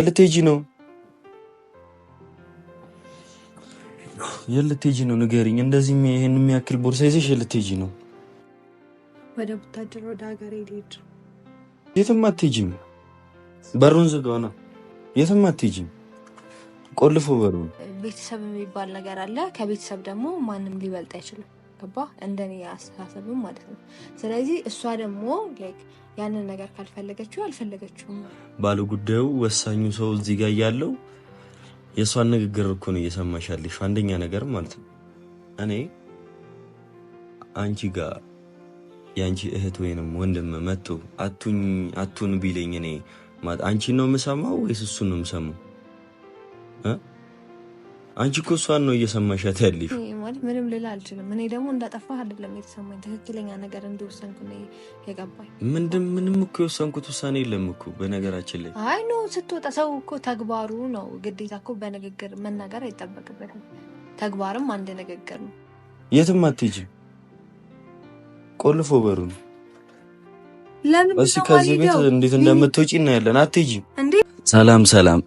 የልትሄጂ ነው? የልትሄጂ ነው? ንገሪኝ። እንደዚህ ይሄን የሚያክል ቦርሳ ይዘሽ የልትሄጂ ነው? ወደ ቡታጅር ወደ ሀገር ሄድ። የትም አትሄጂም። በሩን ዝጋና፣ የትም አትሄጂም። ቆልፎ በሩን። ቤተሰብ የሚባል ነገር አለ። ከቤተሰብ ደግሞ ማንም ሊበልጥ አይችልም። ገባ? እንደኔ አስተሳሰብም ማለት ነው። ስለዚህ እሷ ደግሞ ላይክ ያንን ነገር ካልፈለገችው አልፈለገችውም። ባለ ጉዳዩ ወሳኙ ሰው እዚህ ጋር ያለው የእሷን ንግግር እኮ ነው እየሰማሽ አንደኛ ነገር ማለት ነው እኔ አንቺ ጋር የአንቺ እህት ወይንም ወንድም መጥቶ አቱን ቢለኝ እኔ አንቺን ነው የምሰማው ወይስ እሱን ነው የምሰማው? አንቺ እኮ እሷን ነው እየሰማሻት ያለሽ። ማለት ምንም ልል አልችልም። እኔ ደግሞ እንዳጠፋ አይደለም የተሰማኝ፣ ትክክለኛ ነገር እንደወሰንኩ ነው የገባኝ። ምንድን ምንም እኮ የወሰንኩት ውሳኔ የለም እኮ በነገራችን ላይ። አይ ኖ ስትወጣ ሰው እኮ ተግባሩ ነው። ግዴታ እኮ በንግግር መናገር አይጠበቅበትም። ተግባርም አንድ ንግግር ነው። የትም አትሄጂም። ቆልፎ በሩን እስኪ ከዚህ ቤት እንዴት እንደምትወጪ እናያለን። አትሄጂም። ሰላም ሰላም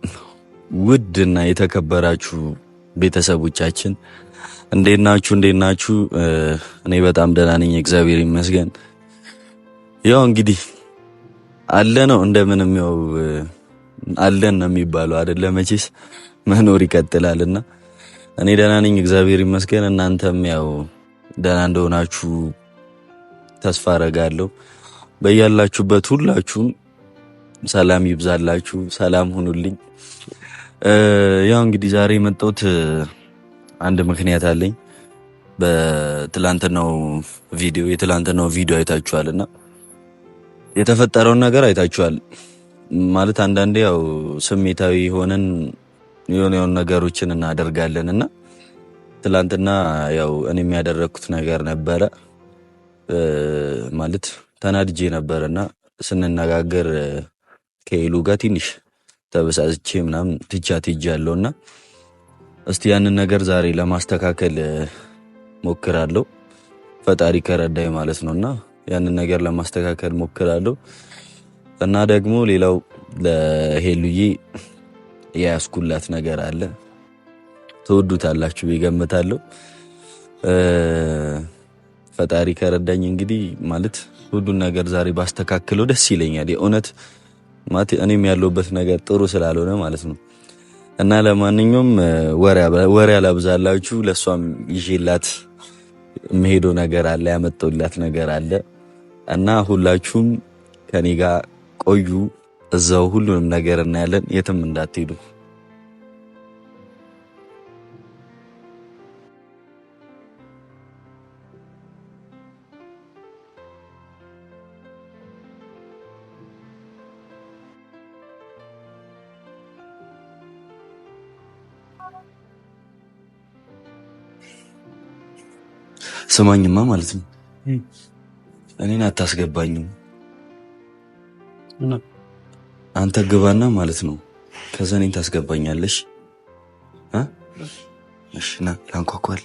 ውድና የተከበራችሁ ቤተሰቦቻችን እንዴት ናችሁ? እንዴት ናችሁ? እኔ በጣም ደህና ነኝ፣ እግዚአብሔር ይመስገን። ያው እንግዲህ አለ ነው እንደምንም ያው አለን ነው የሚባለው አይደለ? መቼስ መኖር ይቀጥላል እና እኔ ደህና ነኝ፣ እግዚአብሔር ይመስገን። እናንተም ያው ደህና እንደሆናችሁ ተስፋ አረጋለሁ። በያላችሁበት ሁላችሁም ሰላም ይብዛላችሁ፣ ሰላም ሁኑልኝ። ያው እንግዲህ ዛሬ የመጣሁት አንድ ምክንያት አለኝ። በትላንትናው ቪዲዮ የትላንትናው ቪዲዮ አይታችኋል እና የተፈጠረውን ነገር አይታችኋል። ማለት አንዳንዴ ያው ስሜታዊ ሆነን የሆነ የሆኑ ነገሮችን እናደርጋለን እና ትላንትና ያው እኔ የሚያደረግኩት ነገር ነበረ ማለት ተናድጄ ነበረ እና ስንነጋገር ከሄሉ ጋር ትንሽ ተበሳጭቼ ምናምን ትቻት ሄጃለሁ እና እስቲ ያንን ነገር ዛሬ ለማስተካከል ሞክራለሁ። ፈጣሪ ከረዳይ ማለት ነው እና ያንን ነገር ለማስተካከል ሞክራለሁ እና ደግሞ ሌላው ለሄሉዬ የያስኩላት ነገር አለ። ትወዱታላችሁ ይገምታለሁ። ፈጣሪ ከረዳኝ እንግዲህ ማለት ሁሉን ነገር ዛሬ ባስተካክለው ደስ ይለኛል የእውነት ማለት እኔም ያለሁበት ነገር ጥሩ ስላልሆነ ማለት ነው። እና ለማንኛውም ወሬ አላብዛላችሁ። ለእሷም ይዤላት የምሄደው ነገር አለ፣ ያመጣሁላት ነገር አለ እና ሁላችሁም ከኔ ጋር ቆዩ። እዛው ሁሉንም ነገር እናያለን። የትም እንዳትሄዱ። ስማኝማ ማለት ነው እኔን አታስገባኝም። አንተ ግባና ማለት ነው። ከዛ እኔን ታስገባኛለሽ። እሺ ና ላንኳኳል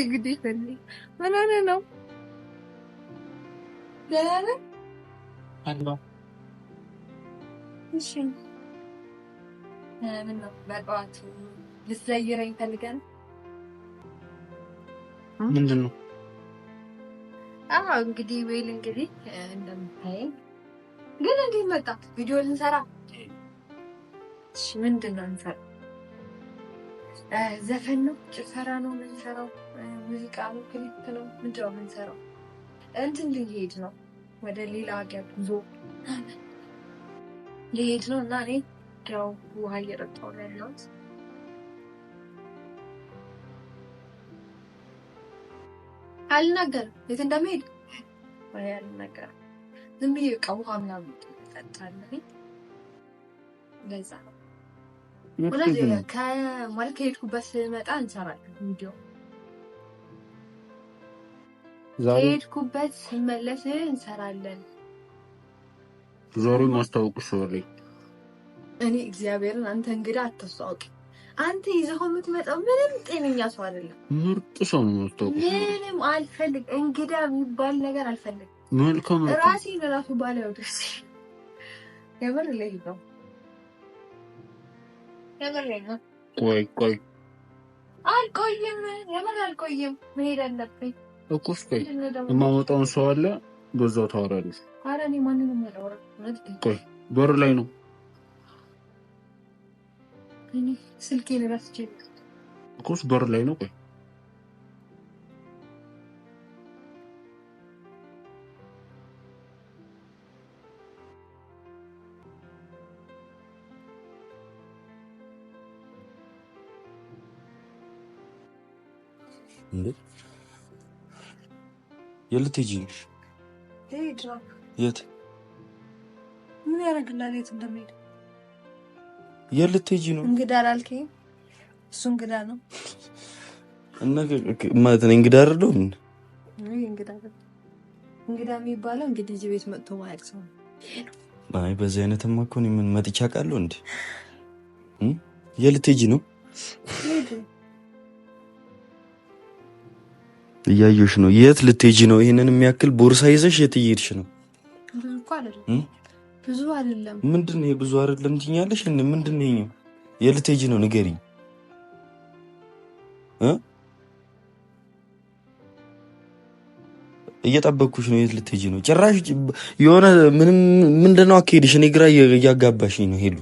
እንግዲህ ምን ሆነ ነው? ደህና ነህ? አለሁ። እሺ ምን ነው በጠዋቱ ልትዘይረኝ ፈልገህ ምንድን ነው? አዎ እንግዲህ ወይል እንግዲህ እንደምታየኝ ግን እንዴት መጣ? ቪዲዮ ልንሰራ? እሺ ምንድን ነው እንሰራ ዘፈን ነው፣ ጭፈራ ነው የምንሰራው፣ ሙዚቃ ነው፣ ክሊፕ ነው፣ ምንድን ነው የምንሰራው? እንትን ልሄድ ነው ወደ ሌላ ሀገር ጉዞ ልሄድ ነው እና እኔ ያው ውሃ እየረጣሁ ነው ያለሁት። አልናገርም የት እንደምሄድ አልናገርም። ዝም ብዬ ቀውሃ ምናምን ጠጣለ ለዛ ነው ማለት ከሄድኩበት መጣ እንሰራለን ቪዲዮ ከሄድኩበት ስመለስ እንሰራለን። ዞሪ ማስታወቁሽ ወሬ እኔ እግዚአብሔርን አንተ እንግዳ አታስተዋውቂ። አንተ ይዘኸው የምትመጣው ምንም ጤነኛ ሰው አይደለም። ምርጥ ሰው ነው የምታውቀው። ምንም አልፈልግ እንግዳ የሚባል ነገር አልፈልግ መልካም ራሴ ለራሱ ባለው ደስ የምር ለይ ነው ቆይ ቆይ አልቆይም፣ የምን አልቆይም፣ መሄድ አለብኝ እኮ። የማመጣውን ሰው አለ በዛው ታወራለች። ኧረ እኔ ማንንም አላወራም። ቆይ በር ላይ ነው ስልኬን እኮ በር ላይ ነው። ቆይ እንዴ? የልትጂ ሄድ ነው። የት ምን ያደርግልሃል? የት እንደሚሄድ የልትጂ ነው። እንግዳ አላልከኝ? እሱ እንግዳ ነው እና ማለት ነው። እንግዳ አይደለሁ። ምን እንግዳ እንግዳ የሚባለው እንግዲህ እዚህ ቤት መጥቶ ማያቅ ሰው ነው። አይ በዚህ አይነትማ እኮ እኔ ምን መጥቼ አውቃለሁ እንዴ? የልትጂ ነው እያየሽ ነው። የት ልትሄጂ ነው? ይህንን የሚያክል ቦርሳ ይዘሽ የት እየሄድሽ ነው? ብዙ አይደለም። ምንድን ነው ብዙ አይደለም ትኛለሽ? ምንድን ነው የት ልትሄጂ ነው? ንገሪኝ። እየጠበኩሽ ነው። የት ልትሄጂ ነው? ጭራሽ የሆነ ምንም ምንድን ነው አካሄድሽ? እኔ ግራ እያጋባሽኝ ነው። ሄሉ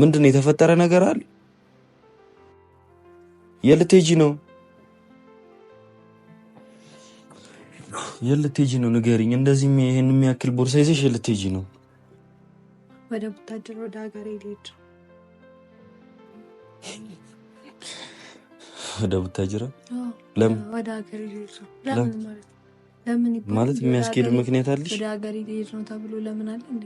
ምንድን ነው የተፈጠረ ነገር አለ? የት ልትሄጂ ነው? የት ልትሄጂ ነው ንገሪኝ። እንደዚህ ይህን የሚያክል ቦርሳ ይዘሽ የት ነው? ወደ ቡታጅር ወደ ሀገሬ ልሄድ። ወደ ቡታጅራ? ለምን ወደ ሀገሬ ልሄድ ለምን ማለት የሚያስኬድ ምክንያት አለሽ? ወደ ሀገሬ ልሄድ ነው ተብሎ ለምን አለ እንዴ?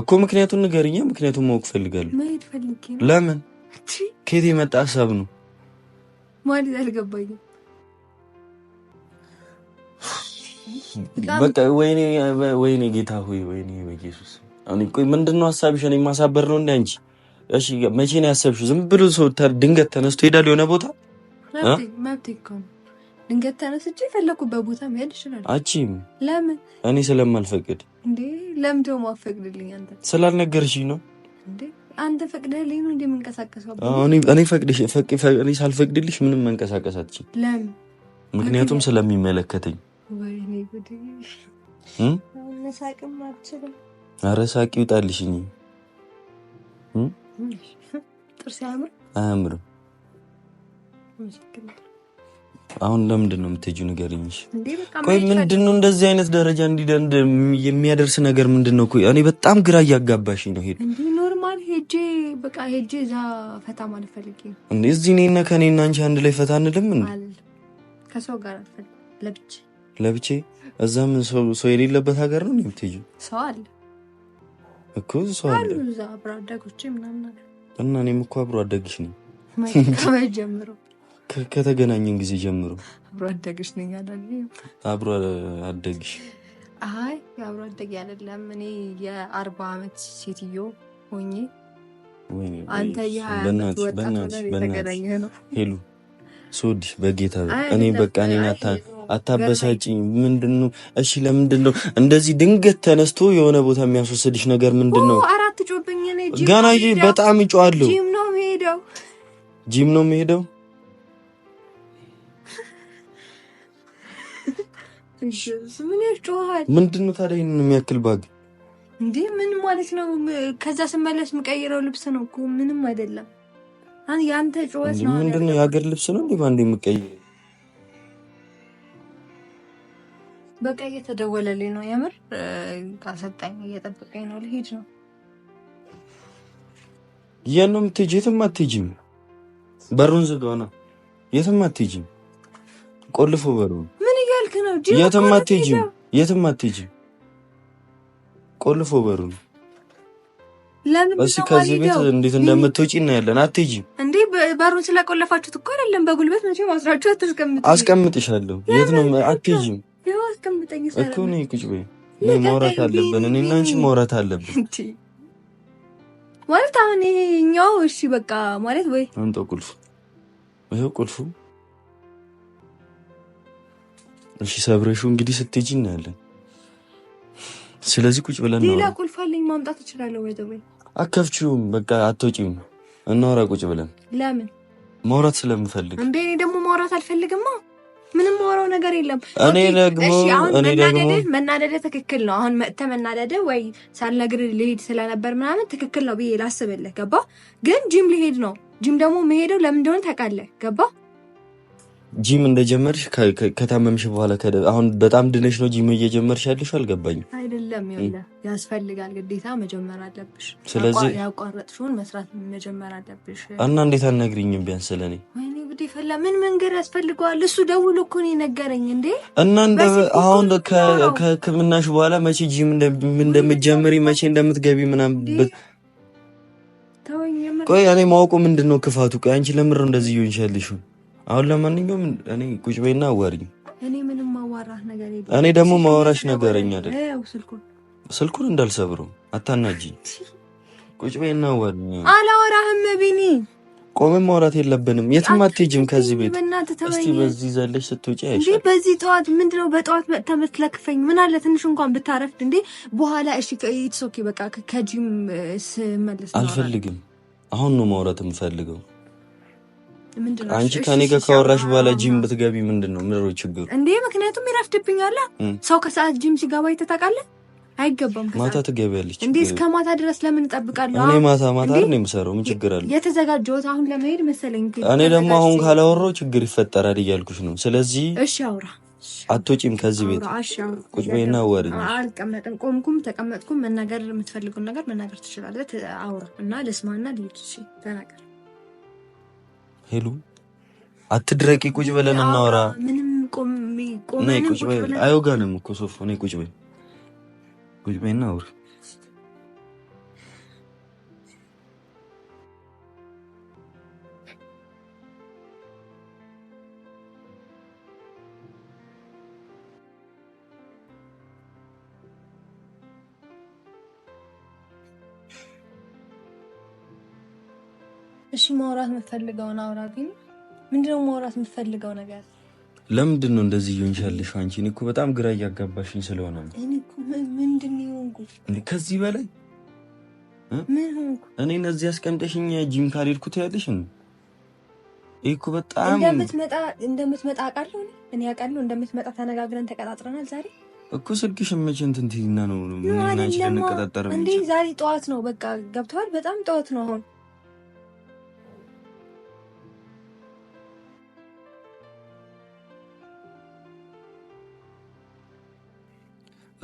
እኮ ምክንያቱን ንገርኛ ምክንያቱን ማወቅ ፈልጋለሁ። መሄድ ፈልጌ ነው። ለምን? ከየት የመጣ ሀሳብ ነው ማለት አልገባኝም። በቃ ወይኔ ወይኔ ጌታ ሆይ ወይኔ በኢየሱስ አሁን ቆይ ምንድነው ሀሳብሽ? እኔ ማሳበር ነው እንደ አንቺ። እሺ መቼ ነው ያሰብሽው? ዝም ብሎ ሰው ድንገት ተነስቶ ሄዳል የሆነ ቦታ መብቴ እኮ ነው። ድንገት ተነስቼ የፈለኩበት ቦታ መሄድ ይችላል። አቺም ለምን እኔ ስለማልፈቅድ እንዴ? ለምን ደግሞ አፈቅድልኝ? አንተ ስላልነገርሽኝ ነው እንዴ? አንተ ፈቅደልኝ ነው እንዴ የምንቀሳቀሰው? እኔ ሳልፈቅድልሽ ምንም መንቀሳቀስ ለምን? ምክንያቱም ስለሚመለከተኝ ወይኔ ጉድ! ሳቅም አልችልም። አረ ሳቂ ይውጣልሽ። ጥርስ አያምርም አያምርም። አሁን ለምንድን ነው የምትሄጂው? ንገሪኝ። ቆይ ምንድን ነው እንደዚህ አይነት ደረጃ እንዲደንድ የሚያደርስ ነገር ምንድን ነው? ቆይ እኔ በጣም ግራ እያጋባሽኝ ነው። ሄድ እንዲህ ኖርማል ሄጄ በቃ ሄጄ እዛ ፈታ ማለት ፈልጌ ነው። እዚህ እኔና ከእኔና አንቺ አንድ ላይ ፈታ አንልም እንዴ? ከሰው ጋር ለብቻ ለብቼ እዛ ምን ሰው የሌለበት ሀገር ነው የምትሄጂው? ሰው አለ እኮ ሰው አለ አብሮ አደጎቼ ምናምን እና እኔም እኮ አብሮ አደግሽ ነኝ ጀምሮ ከተገናኘን ጊዜ ጀምሮ አብሮ አደግሽ ነኝ አብሮ አደግሽ። አይ አብሮ አደግ አይደለም። እኔ የአርባ ዓመት ሴትዮ ሆኜ አንተ የሀያ ዓመት ወጣት ሆነ የተገናኘ ነው። ሄሉ ስወድሽ በጌታ እኔ በቃ እኔን አታበሳጭኝ። ምንድን ነው እሺ? ለምንድን ነው እንደዚህ ድንገት ተነስቶ የሆነ ቦታ የሚያስወስድሽ ነገር ምንድን ነው? ገና በጣም ይጮዋለሁ። ጂም ነው የሚሄደው። ምንድን ነው ታዲያ ይህንን የሚያክል ባግ እንዴ? ምን ማለት ነው? ከዛ ስመለስ የምቀይረው ልብስ ነው እኮ ምንም አይደለም። አንተ ጩኸት ነው። ምንድን ነው የሀገር ልብስ ነው እንዴ? ባንዴ የምቀይረው በቃ እየተደወለልኝ ነው። የምር አሰልጣኝ እየጠበቀኝ ነው። ልሄድ ነው። የት ነው የምትሄጂ? የትም አትሄጂም። በሩን ዝጋውና የትም አትሄጂም። ቆልፎ በሩን። ምን እያልክ ነው? የትም አትሄጂም። የትም አትሄጂም። ቆልፎ በሩን። እስኪ ከዚህ ቤት እንዴት እንደምትወጪ እናያለን። አትሄጂም እንዴ? በሩን ስለቆለፋችሁት እኮ አይደለም። በጉልበት መቼም አስራችሁ አታስቀምጥ። አስቀምጥሻለሁ። የት ነው? አትሄጂም አታስቀምጠኝ እኮ ነይ ቁጭ በይ ማውራት አለብን እኔ እና አንቺ ማውራት አለብን ማለት አሁን ይሄኛው እሺ በቃ ማለት ወይ አንተ ቁልፍ ይኸው ቁልፉ እሺ ሰብረሹ እንግዲህ ስትሄጂ እናያለን ስለዚህ ቁጭ ብለን ነው ሌላ ቁልፍ አለኝ ማምጣት እችላለሁ ወይ ደግሞ አከፍቺውም በቃ አትወጪም እናውራ ቁጭ ብለን ለምን ማውራት ስለምፈልግ እንዴ እኔ ደግሞ ማውራት አልፈልግማ ምንም ወራው ነገር የለም። እኔ ደግሞ እኔ ደግሞ መናደደ ትክክል ነው። አሁን መጥተ መናደደ ወይ ሳልነግር ልሄድ ስለነበር ምናምን ትክክል ነው ብዬ ላስብልህ ገባ። ግን ጂም ልሄድ ነው። ጂም ደግሞ መሄደው ለምን እንደሆነ ታውቃለህ ገባ ጂም እንደጀመርሽ ከታመምሽ በኋላ ከደ አሁን በጣም ድነሽ ነው ጂም እየጀመርሽ ያለሽ? አልገባኝ። አይደለም ያስፈልጋል፣ ግዴታ መጀመር አለብሽ። ስለዚህ ያቋረጥሽውን መስራት መጀመር አለብሽ። እና እንዴት አነግሪኝም ቢያንስ ስለኔ ይፈላ ምን መንገድ ያስፈልገዋል? እሱ ደውሎ እኮ ነው የነገረኝ እንዴ። እና አሁን ከህክምናሽ በኋላ መቼ ጂም እንደምትጀምሪ መቼ እንደምትገቢ ምናምን ቆይ፣ እኔ ማወቁ ምንድን ነው ክፋቱ? ቆይ አንቺ ለምር እንደዚህ ይሆንሻልሽ? አሁን ለማንኛውም እኔ ቁጭ በይና አዋሪኝ። እኔ ምንም ማዋራህ ነገር የለም። እኔ ደግሞ ማወራሽ ነገረኝ አይደል? ስልኩን ስልኩን እንዳልሰብሩ አታናጂ። ቁጭ በይና አዋሪኝ። አላወራህም ቢኒ። ቆመን ማውራት የለብንም። የትም አትሄጂም ከዚህ ቤት። እስቲ በዚህ ዘለሽ ስትወጪ አይሽ በዚህ ጠዋት ምንድነው? በጠዋት ተመትለክፈኝ ምን አለ ትንሽ እንኳን ብታረፍድ እንዴ በኋላ። እሺ ኢትስ ኦኬ በቃ ከጂም ስመለስ። አልፈልግም። አሁን ነው ማውራት የምፈልገው አንቺ ከኔ ጋር ካወራሽ በኋላ ጂም ብትገቢ ምንድን ነው ምሮ ችግሩ እንዴ? ምክንያቱም ይረፍድብኛል። ሰው ከሰዓት ጂም ሲገባ ይተታቃለ አይገባም። ማታ ትገቢያለች እንዴ? እስከ ማታ ድረስ ለምን እጠብቃለሁ? እኔ ማታ ማታ ነው የምሰራው። ምን ችግር አለ? የተዘጋጀሁት አሁን ለመሄድ መሰለኝ። እኔ ደግሞ አሁን ካላወራው ችግር ይፈጠራል እያልኩሽ ነው። ስለዚህ እሺ አውራ አትወጪም ከዚህ ቤት ቁጭ በይና አዋሪኝ። አልቀመጥም። ቆምኩም ተቀመጥኩም መናገር የምትፈልጉን ነገር መናገር ትችላለህ። አውራ እና ልስማና ልሂድ። ተናገር ሄሉ አትድረቂ፣ ቁጭ ብለን እናወራ። ምንም ቁጭ በይ። አይወጋንም እኮ ሶፎ፣ ቁጭ በይ፣ ቁጭ በይ እናውራ ማውራት የምትፈልገውን አውራ። ግን ምንድነው ማውራት የምትፈልገው ነገር? ለምንድን ነው እንደዚህ እየሆንሻለሽ አንቺ? እኔ እኮ በጣም ግራ እያጋባሽኝ ስለሆነ ነው። ምንድን የሆንኩት ከዚህ በላይ ምን ሆንኩ እኔ? እነዚህ አስቀምጠሽኝ ጂም ካልሄድኩ ያለሽ ነው ይህ እኮ በጣም እንደምትመጣ እንደምትመጣ አውቃለሁ እኔ አውቃለሁ እንደምትመጣ ተነጋግረን ተቀጣጥረናል። ዛሬ እኮ ስልክሽ መቼ እንትን ትይና ነው ምናችን ልንቀጣጠር? ዛሬ ጠዋት ነው በቃ ገብተዋል። በጣም ጠዋት ነው አሁን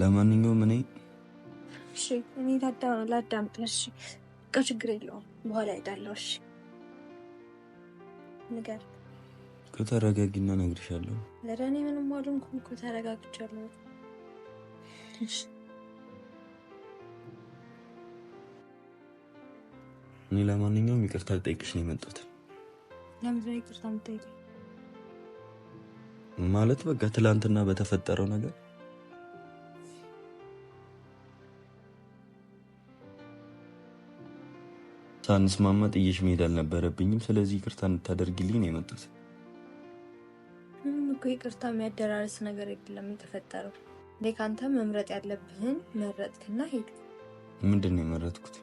ለማንኛውም እኔ እሺ፣ እኔ ታዳ ላዳምጥ። እሺ፣ በቃ ችግር የለውም በኋላ እሄዳለሁ። እሺ፣ ንገር። ከተረጋጊና እነግርሻለሁ። ኧረ እኔ ምንም አልሆንኩም እኮ ተረጋግቻለሁ። እሺ፣ እኔ ለማንኛውም ይቅርታ ልጠይቅሽ ነው የመጣሁት። ለምንድን ነው ይቅርታ የምጠይቀኝ? ማለት በቃ ትላንትና በተፈጠረው ነገር ሳንስማማ ጥዬሽ መሄድ አልነበረብኝም። ስለዚህ ይቅርታ እንድታደርግልኝ ነው የመጡት። እኮ ይቅርታ የሚያደራርስ ነገር የለም የተፈጠረው። እንዴ መምረጥ ያለብህን መረጥክና ሄድ። ምንድን ነው የመረጥኩት?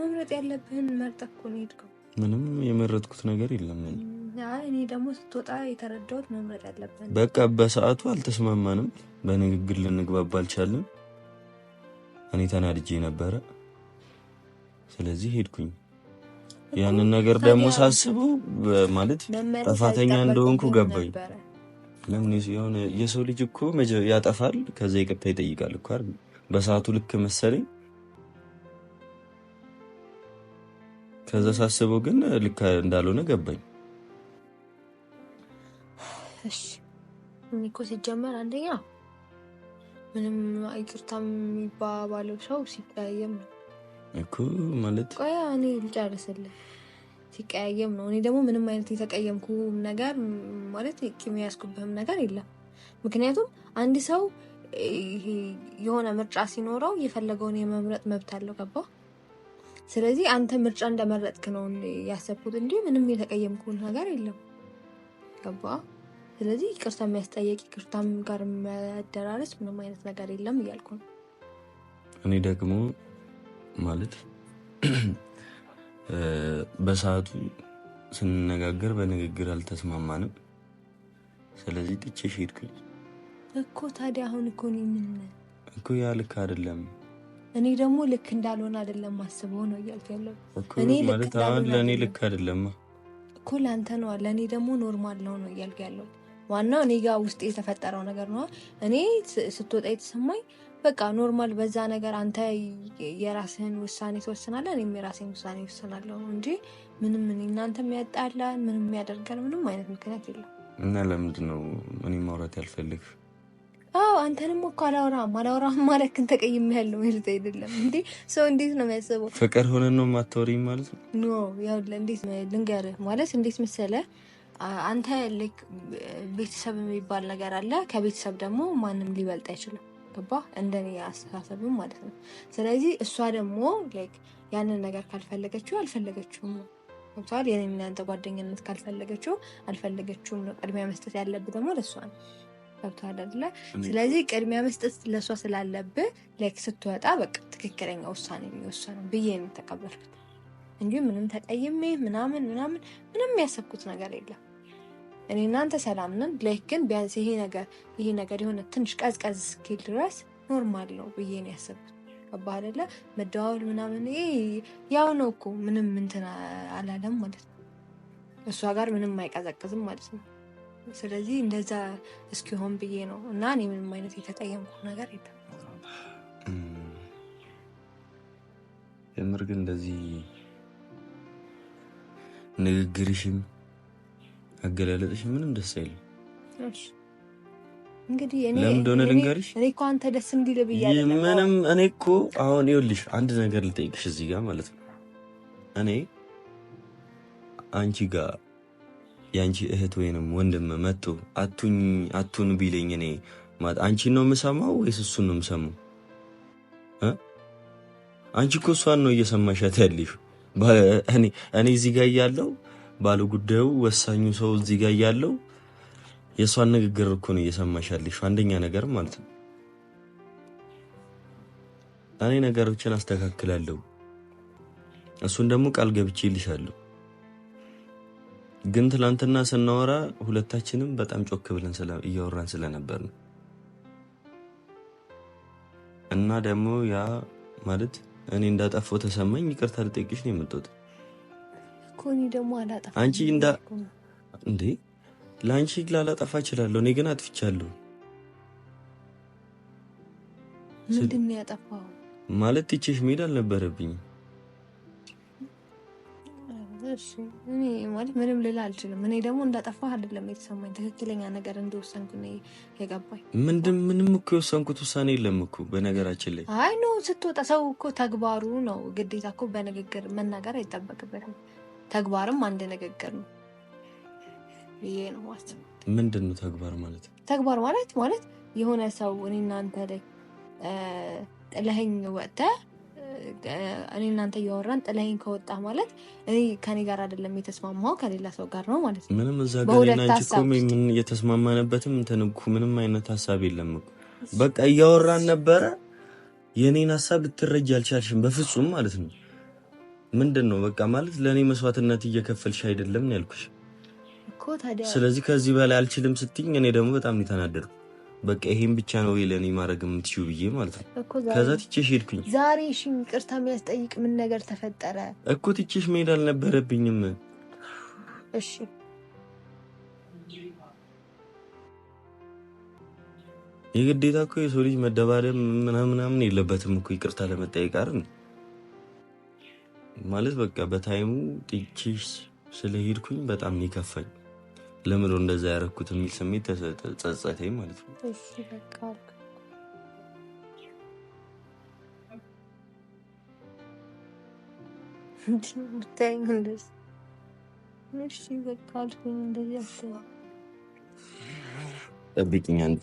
መምረጥ ያለብህን መርጠኩ እኮ ነው ሄድከው። ምንም የመረጥኩት ነገር የለም። እኔ ደግሞ ስትወጣ የተረዳሁት መምረጥ ያለብህን በቃ። በሰዓቱ አልተስማማንም፣ በንግግር ልንግባባ አልቻልንም። እኔ ተናድጄ ነበረ ስለዚህ ሄድኩኝ። ያንን ነገር ደግሞ ሳስበው ማለት ጠፋተኛ እንደሆንኩ ገባኝ። ለምን የሆነ የሰው ልጅ እኮ ያጠፋል፣ ከዛ ይቅርታ ይጠይቃል እኮ አይደል? በሰዓቱ ልክ መሰለኝ። ከዛ ሳስበው ግን ልክ እንዳልሆነ ገባኝ። እኮ ሲጀመር አንደኛ ምንም ይቅርታ የሚባባለው ሰው ሲቀያየም ነው እኮ ማለት ቆይ እኔ ልጨርስልህ። ሲቀያየም ነው። እኔ ደግሞ ምንም አይነት የተቀየምኩ ነገር ማለት ቂም ያዝኩብህም ነገር የለም። ምክንያቱም አንድ ሰው የሆነ ምርጫ ሲኖረው የፈለገውን የመምረጥ መብት አለው። ገባ? ስለዚህ አንተ ምርጫ እንደመረጥክ ነው ያሰብኩት እንጂ ምንም የተቀየምኩን ነገር የለም። ገባ? ስለዚህ ይቅርታ የሚያስጠየቅ ይቅርታም ጋር የሚያደራረስ ምንም አይነት ነገር የለም እያልኩ ነው እኔ ደግሞ ማለት በሰዓቱ ስንነጋገር በንግግር አልተስማማንም። ስለዚህ ጥቼሽ ሄድኩኝ እኮ። ታዲያ አሁን እኮ እኔ ምን እኮ ያ ልክ አይደለም። እኔ ደግሞ ልክ እንዳልሆነ አይደለም ማስበው ነው እያልኩ ያለው ማለት አሁን ለእኔ ልክ አይደለም እኮ ለአንተ ነዋ፣ ለእኔ ደግሞ ኖርማል ነው ነው እያልኩ ያለው። ዋናው እኔ ጋር ውስጥ የተፈጠረው ነገር ነዋ። እኔ ስትወጣ የተሰማኝ በቃ ኖርማል በዛ ነገር አንተ የራስህን ውሳኔ ትወስናለህ፣ እኔም የራሴን ውሳኔ ይወስናለሁ እንጂ ምንም ምን እናንተ የሚያጣላን ምንም የሚያደርገን ምንም አይነት ምክንያት የለም። እና ለምንድን ነው እኔ ማውራት ያልፈልግ? አዎ አንተንም እኮ አላወራህም አላወራህም ማለት ግን ተቀይሜ ያለው ማለት አይደለም። እንደ ሰው እንዴት ነው የሚያስበው? ፍቅር ሆነን ነው የማታወሪኝ ማለት ነው? ኖ ያው እንዴት ልንገርህ ማለት እንዴት መሰለህ አንተ ልክ ቤተሰብ የሚባል ነገር አለ። ከቤተሰብ ደግሞ ማንም ሊበልጥ አይችልም። ገባ እንደኔ አስተሳሰብም ማለት ነው። ስለዚህ እሷ ደግሞ ያንን ነገር ካልፈለገችው አልፈለገችውም ነው የኔ እናንተ ጓደኝነት ካልፈለገችው አልፈለገችውም ነው። ቅድሚያ መስጠት ያለብህ ደግሞ ለእሷ ነው። ገብቶሃል አይደለ? ስለዚህ ቅድሚያ መስጠት ለእሷ ስላለብህ ላይክ ስትወጣ በቃ ትክክለኛ ውሳኔ የሚወሰነው ብዬ ነው የተቀበልኩት እንጂ ምንም ተቀይሜ ምናምን ምናምን ምንም ያሰብኩት ነገር የለም። እኔ እናንተ ሰላም ነን። ላይክ ግን ቢያንስ ይሄ ነገር ይሄ ነገር የሆነ ትንሽ ቀዝቀዝ እስኪል ድረስ ኖርማል ነው ብዬ ነው ያሰብኩት። አባለለ መደዋወል ምናምን ይሄ ያው ነው እኮ ምንም እንትን አላለም ማለት ነው። እሷ ጋር ምንም አይቀዘቅዝም ማለት ነው። ስለዚህ እንደዛ እስኪሆን ብዬ ነው እና እኔ ምንም አይነት የተጠየምኩ ነገር የለም። የምር ግን እንደዚህ ንግግርሽም አገላለጥሽ ምንም ደስ አይልም። እንግዲህ እኔ ለምን እንደሆነ ልንገርሽ። እኔ እኮ አንተ ደስ እንዲል ብያለሁ። ምንም እኔ እኮ አሁን ይኸውልሽ አንድ ነገር ልጠይቅሽ እዚህ ጋር ማለት ነው። እኔ አንቺ ጋር የአንቺ እህት ወይንም ወንድም መጥቶ አቱኝ አቱን ቢለኝ እኔ አንቺን ነው የምሰማው ወይስ እሱን ነው የምሰማው? አንቺ እኮ እሷን ነው እየሰማሻት ያለሽ። እኔ እዚህ ጋር እያለሁ ባለጉዳዩ ወሳኙ ሰው እዚህ ጋር ያለው የእሷን ንግግር እኮ ነው እየሰማሽ አንደኛ ነገር ማለት ነው እኔ ነገሮችን አስተካክላለሁ፣ እሱን ደግሞ ቃል ይልሻለሁ። ግን ትላንትና ስናወራ ሁለታችንም በጣም ጮክ ብለን እያወራን ስለነበር ነው እና ደግሞ ያ ማለት እኔ እንዳጠፋው ተሰማኝ። ይቅርታ ልጠይቅሽ ነው የመጣሁት እኔ ደግሞ አንቺ እንዳ እንዴ ለአንቺ ላላጠፋ እችላለሁ። እኔ ግን አጥፍቻለሁ። ምንድን ነው ያጠፋው? ማለት ትቼሽ መሄድ አልነበረብኝም። እኔ ማለት ምንም ልላ አልችልም። እኔ ደግሞ እንዳጠፋ አይደለም የተሰማኝ፣ ትክክለኛ ነገር እንደወሰንኩ ነው የገባኝ። ምንድን ምንም እኮ የወሰንኩት ውሳኔ የለም እኮ በነገራችን ላይ። አይ ኖ ስትወጣ ሰው እኮ ተግባሩ ነው። ግዴታ እኮ በንግግር መናገር አይጠበቅበትም። ተግባርም አንድ ንግግር ነው ብዬ ነው ማስብ። ምንድን ነው ተግባር ማለት? ተግባር ማለት ማለት የሆነ ሰው እኔ እናንተ ላይ ጥለኸኝ ወጥተህ እኔ እናንተ እያወራን ጥለኸኝ ከወጣ ማለት እኔ ከኔ ጋር አይደለም የተስማማው ከሌላ ሰው ጋር ነው ማለት ነው። ምንም እዛ ጋር የተስማማንበትም እንትን እኮ ምንም አይነት ሀሳብ የለም እኮ በቃ እያወራን ነበረ። የእኔን ሀሳብ ልትረጅ አልቻልሽም በፍጹም ማለት ነው። ምንድን ነው በቃ ማለት ለእኔ መስዋዕትነት እየከፈልሽ አይደለም ነው ያልኩሽ። ስለዚህ ከዚህ በላይ አልችልም ስትኝ እኔ ደግሞ በጣም የተናደድኩ በቃ ይሄን ብቻ ነው ወይ ለእኔ ማድረግ የምትችው ብዬ ማለት ነው። ከዛ ትቼሽ ሄድኩኝ። ዛሬ እሺ፣ ይቅርታ የሚያስጠይቅ ምን ነገር ተፈጠረ እኮ ትቼሽ መሄድ አልነበረብኝም። እሺ የግዴታ እኮ የሰው ልጅ መደባደብ ምናምናምን የለበትም እኮ ይቅርታ ለመጠየቅ አይደል? ማለት በቃ በታይሙ ጥቂሽ ስለሄድኩኝ በጣም ይከፋኝ። ለምን እንደዛ ያረኩት የሚል ስሜት ተጸጸተኝ ማለት ነው። ጠብቂኝ አንድ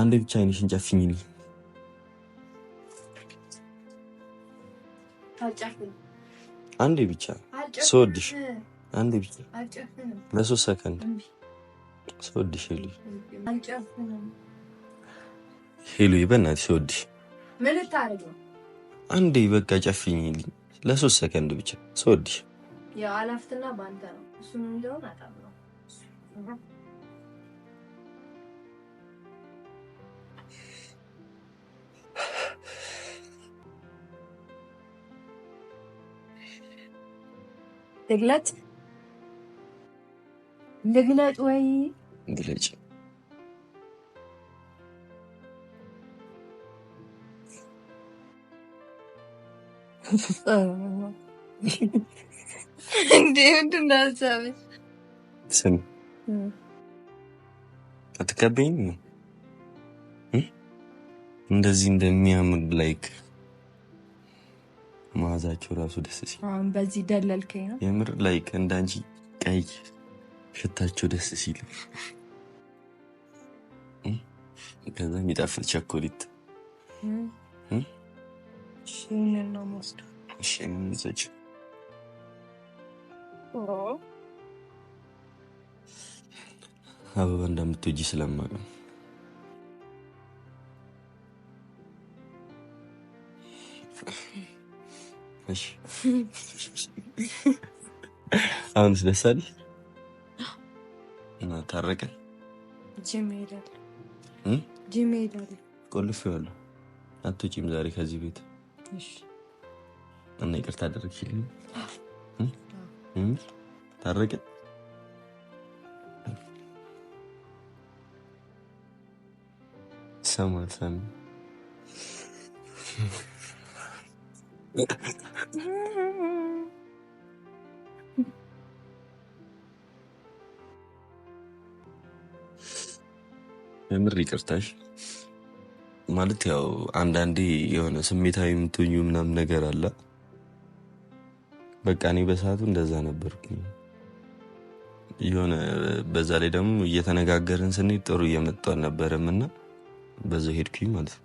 አንድ ብቻ አይንሽን ጨፍኝልኝ። አንድ ብቻ ስወድሽ፣ አንድ ብቻ ለሶስት ሰከንድ ስወድሽ፣ ሄሉ ሄሉ፣ በእናትሽ ስወድሽ፣ አንዴ በቃ ጨፍኝልኝ ለሶስት ሰከንድ ብቻ ስወድሽ። ያው አላፍትና በአንተ ነው። እሱን እንደሆነ አጣም ነው ልግለጥ ልግለጥ ወይ ግለጭ። እንዴ ምንድን ነው ሀሳብሽ? ስም አትቀበይም? እንደዚህ እንደሚያምር ላይክ መዓዛቸው ራሱ ደስ ሲል በዚህ ደለልከኝ ነው የምር ላይክ እንዳንቺ ቀይ ሽታቸው ደስ ሲል ከዛ የሚጣፍጥ ቸኮሌት አበባ እንደምትወጂ ስለማውቅ ነው። አሁንስ ደስ አለሽ? እና ታረቅን ቆልፌዋለሁ። አትወጪም ዛሬ ከዚህ ቤት እና ይቅርታ አደረግሽልኝ። ታረቀ ሰማል ሰሚ የምር ይቅርታሽ ማለት ያው አንዳንዴ የሆነ ስሜታዊ የምትኙ ምናምን ነገር አለ። በቃ እኔ በሰዓቱ እንደዛ ነበርኩ። የሆነ በዛ ላይ ደግሞ እየተነጋገርን ስንሄድ ጥሩ እየመጡ አልነበረም እና በዛ ሄድኩኝ ማለት ነው።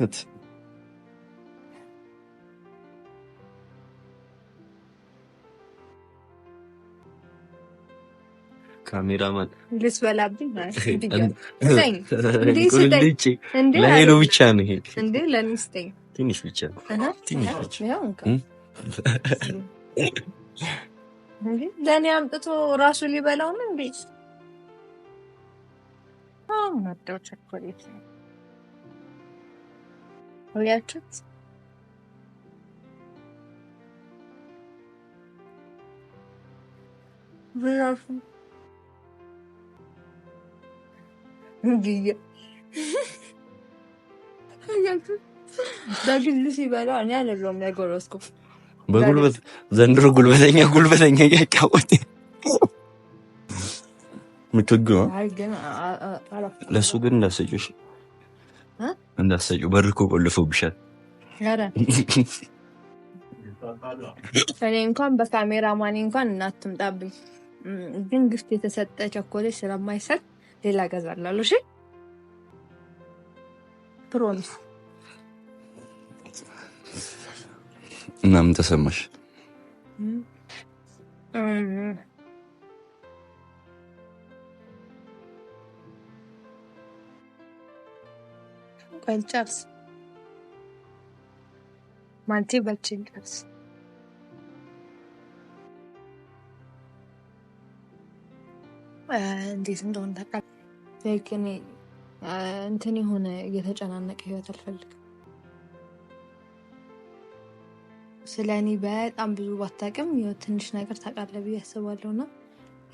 vernichtet ካሜራማን ልስበላብኝ ብቻ ነው ትንሽ ብቻ ለእኔ አምጥቶ ራሱ ሊበላው ነው እንዴ? አያችሁት? ብራፉ በግል ሲበላ እኔ አይደለሁም ያጎረስኩት። በጉልበት ዘንድሮ ጉልበተኛ ጉልበተኛ እያጫወት ምትግ ለእሱ ግን እንዳሰጩ በር እኮ ብሻል። እኔ እንኳን በካሜራ ማኔ እንኳን እናትምጣብኝ፣ ግን ግፍት የተሰጠ ቸኮሌት ስለማይሰጥ ሌላ ገዛላሉ። እሺ ፕሮሚስ። እና ምን ተሰማሽ? Belchers. Multi-Belchers. እንዴት እንደሆነ ታውቃለህ። ላይክ እንትን የሆነ የተጨናነቀ ህይወት አልፈልግም። ስለ እኔ በጣም ብዙ ባታውቅም ትንሽ ነገር ታውቃለህ ብዬ አስባለሁ እና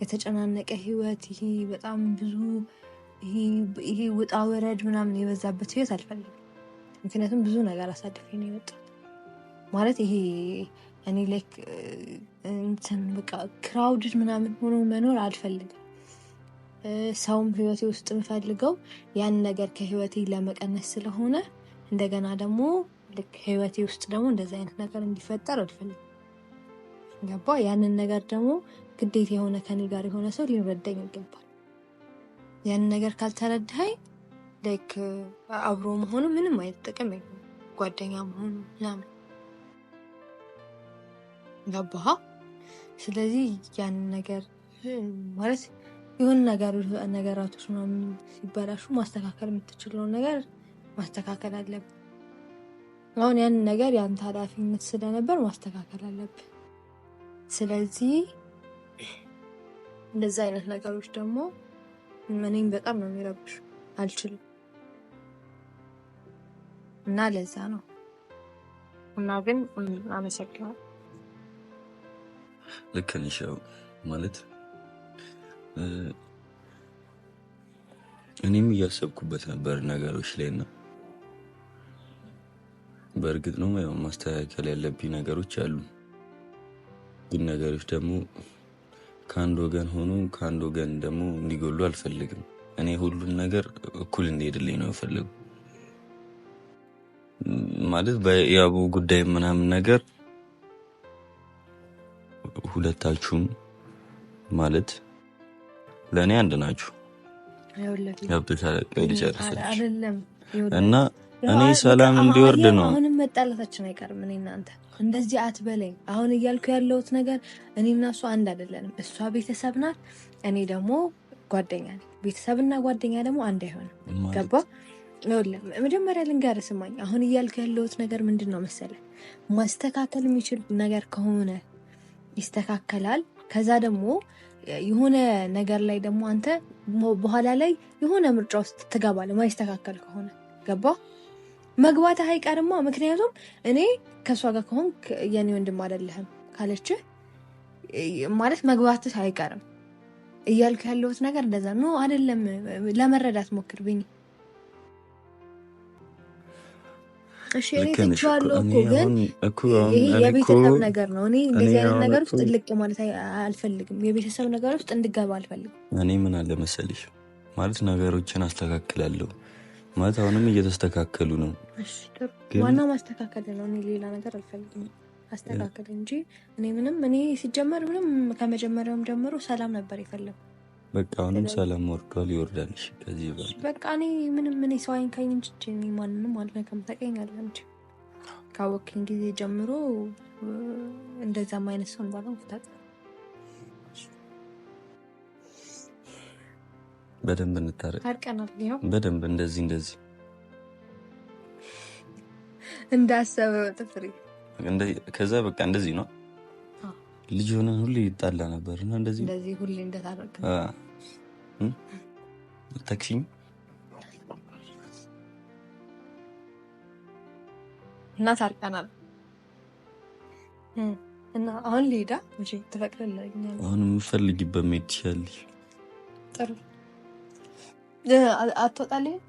የተጨናነቀ ህይወት ይሄ በጣም ብዙ ይሄ ውጣ ወረድ ምናምን የበዛበት ህይወት አልፈልግም። ምክንያቱም ብዙ ነገር አሳልፌ ነው የወጣ ማለት ይሄ እኔ ላይክ እንትን በቃ ክራውድድ ምናምን ሆኖ መኖር አልፈልግም። ሰውም ህይወቴ ውስጥ የምፈልገው ያን ነገር ከህይወቴ ለመቀነስ ስለሆነ እንደገና ደግሞ ልክ ህይወቴ ውስጥ ደግሞ እንደዚህ አይነት ነገር እንዲፈጠር አልፈልግም። ገባ? ያንን ነገር ደግሞ ግዴታ የሆነ ከኔ ጋር የሆነ ሰው ሊረዳኝ ይገባል። ያን ነገር ካልተረዳኸኝ ላይክ አብሮ መሆኑ ምንም አይነት ጥቅም ጓደኛ መሆኑ ምናምን ገባህ? ስለዚህ ያን ነገር ማለት ነገር ነገራቶች ምናምን ሲበላሹ ማስተካከል የምትችለውን ነገር ማስተካከል አለብን። አሁን ያን ነገር የአንተ ኃላፊነት ስለነበር ማስተካከል አለብን። ስለዚህ እንደዚህ አይነት ነገሮች ደግሞ እኔም በጣም ነው የሚረብሽ፣ አልችልም እና ለዛ ነው እና ግን አመሰግናለሁ። ልክ ነሽ። ያው ማለት እኔም እያሰብኩበት ነበር ነገሮች ላይ እና በእርግጥ ነው ያው ማስተካከል ያለብኝ ነገሮች አሉ፣ ግን ነገሮች ደግሞ ከአንድ ወገን ሆኖ ከአንድ ወገን ደግሞ እንዲጎሉ አልፈልግም። እኔ ሁሉን ነገር እኩል እንዲሄድልኝ ነው የፈለጉ ማለት የአቡ ጉዳይ ምናምን ነገር ሁለታችሁም ማለት ለእኔ አንድ ናችሁ። ገብቶሻል? ቀይ እና እኔ ሰላም እንዲወርድ ነው። አሁንም መጣላታችን አይቀርም። እኔ እናንተ እንደዚህ አትበለኝ። አሁን እያልኩ ያለሁት ነገር እኔ እሱ አንድ አይደለንም። እሷ ቤተሰብ ናት፣ እኔ ደግሞ ጓደኛ ነኝ። ቤተሰብና ጓደኛ ደግሞ አንድ አይሆንም። ገባ? መጀመሪያ ልንገር፣ ስማኝ። አሁን እያልኩ ያለሁት ነገር ምንድን ነው መሰለ፣ ማስተካከል የሚችል ነገር ከሆነ ይስተካከላል። ከዛ ደግሞ የሆነ ነገር ላይ ደግሞ አንተ በኋላ ላይ የሆነ ምርጫ ውስጥ ትገባለህ፣ ማይስተካከል ከሆነ ገባ መግባት አይቀርማ። ምክንያቱም እኔ ከእሷ ጋር ከሆንክ የኔ ወንድም አይደለህም ካለችህ ማለት መግባት አይቀርም። እያልኩ ያለሁት ነገር እንደዛ ነው አይደለም። ለመረዳት ሞክር ብኝ ነገር ነው። እኔ እንደዚህ አይነት ነገር ውስጥ ልቅ ማለት አልፈልግም። የቤተሰብ ነገር ውስጥ እንድገባ አልፈልግም። እኔ ምን አለ መሰልሽ ማለት ነገሮችን አስተካክላለሁ ማለት አሁንም እየተስተካከሉ ነው። ዋና ማስተካከል ነው። እኔ ሌላ ነገር አልፈልግም። አስተካከል እንጂ እኔ ምንም እኔ ሲጀመር ምንም ከመጀመሪያውም ጀምሮ ሰላም ነበር የፈለጉ። በቃ አሁንም ሰላም ወርዷል፣ ይወርዳል። ከዚህ በቃ እኔ ምንም እኔ ሰው አይንካኝ እንጂ እኔ ማንንም አልነካም። ታውቀኛለህ እንጂ ካወቅኝ ጊዜ ጀምሮ እንደዛም አይነት ሰው እንባለው ታውቃለህ በደንብ እንታረቅ። ታርቀናል። ይኸው በደንብ እንደዚህ እንደዚህ እንዳሰበ ጥፍሪ ከዛ በቃ እንደዚህ ነው። ልጅ ሆነን ሁሉ ይጣላ ነበር እና እንደዚህ እንደዚህ ሁሌ እንደታረቀ ታክሲኝ እና ታርቀናል። እና አሁን ልሄዳ ትፈቅድልኛለህ? አሁን የምፈልጊበት መሄድ ትችያለሽ። ጥሩ አትወጣልኝም?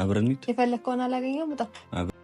አብረን ሂድ። የፈለግከውን አላገኘሁም።